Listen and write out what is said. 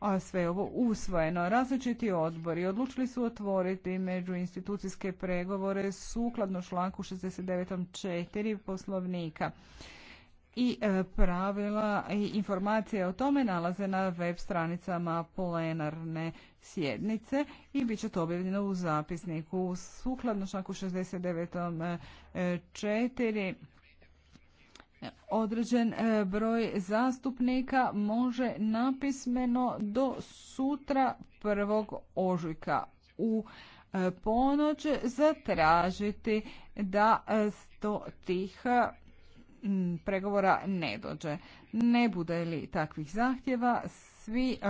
a sve ovo usvojeno. Različiti odbori odlučili su otvoriti međuinstitucijske pregovore sukladno članku 69.4 poslovnika i e, pravila i informacije o tome nalaze na web stranicama plenarne sjednice i bit će to objavljeno u zapisniku. Sukladno članku 69.4 određen e, broj zastupnika može napismeno do sutra 1. ožujka u e, ponoć zatražiti da e, sto tih pregovora ne dođe. Ne bude li takvih zahtjeva, svi